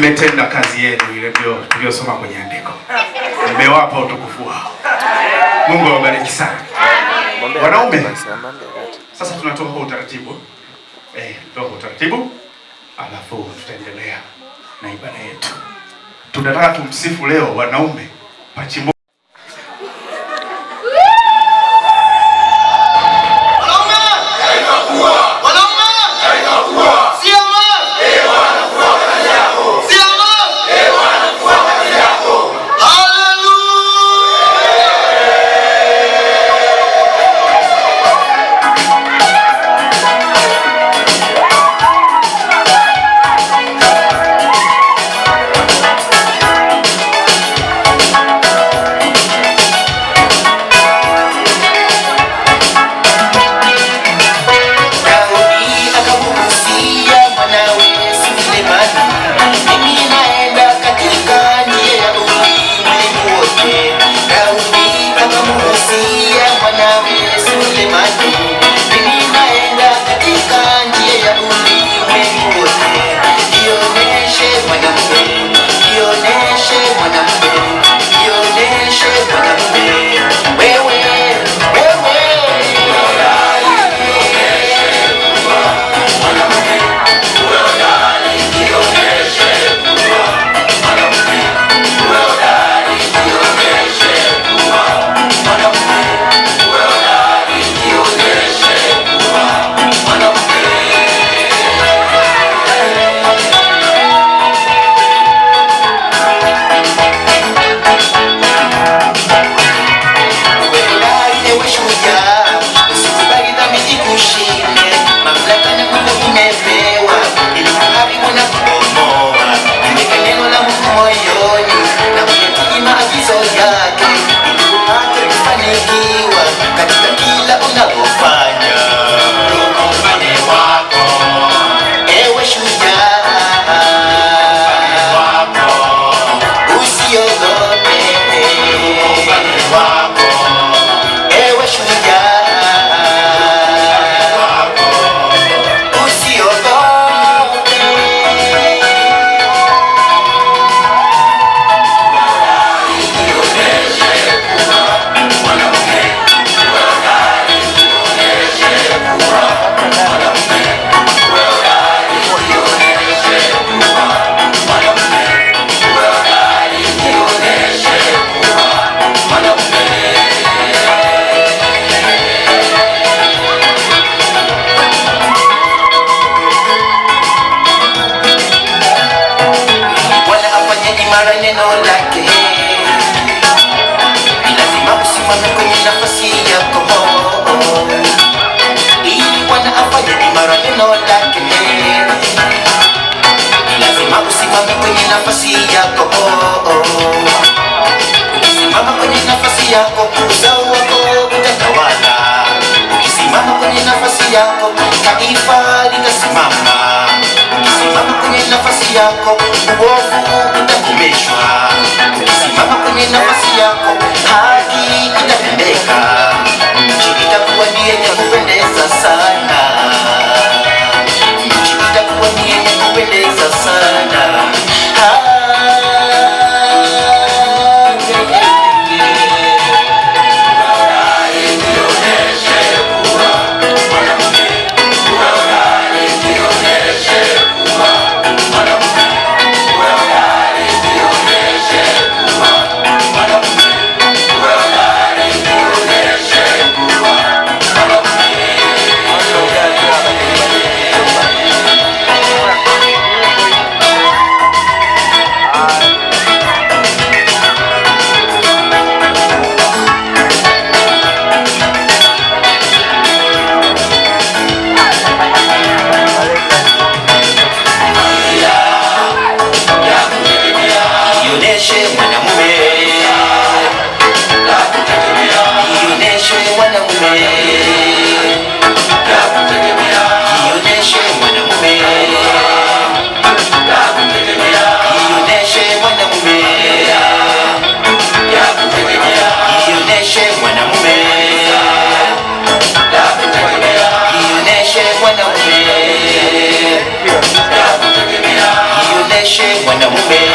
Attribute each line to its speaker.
Speaker 1: mmetenda kazi yenu ile tuliyosoma kwenye andiko, mmewapa utukufu wao. Mungu awabariki sana wanaume. Sasa tunatoa kwa utaratibu eh, toka kwa utaratibu, alafu tutaendelea na ibada yetu. Tunataka tumsifu leo wanaume pachimbo really know like it Ni lazima usimame kwenye nafasi yako Ili wana afanye ni mara neno lake Ni lazima usimame kwenye nafasi yako Ukisimama kwenye nafasi yako uzao wako utatawala Ukisimama kwenye nafasi yako yako, uovu utakomeshwa. Simama kwenye nafasi yako, haki itatendeka, nchi itakuwa ndiye ya kupendeza sana. that shit when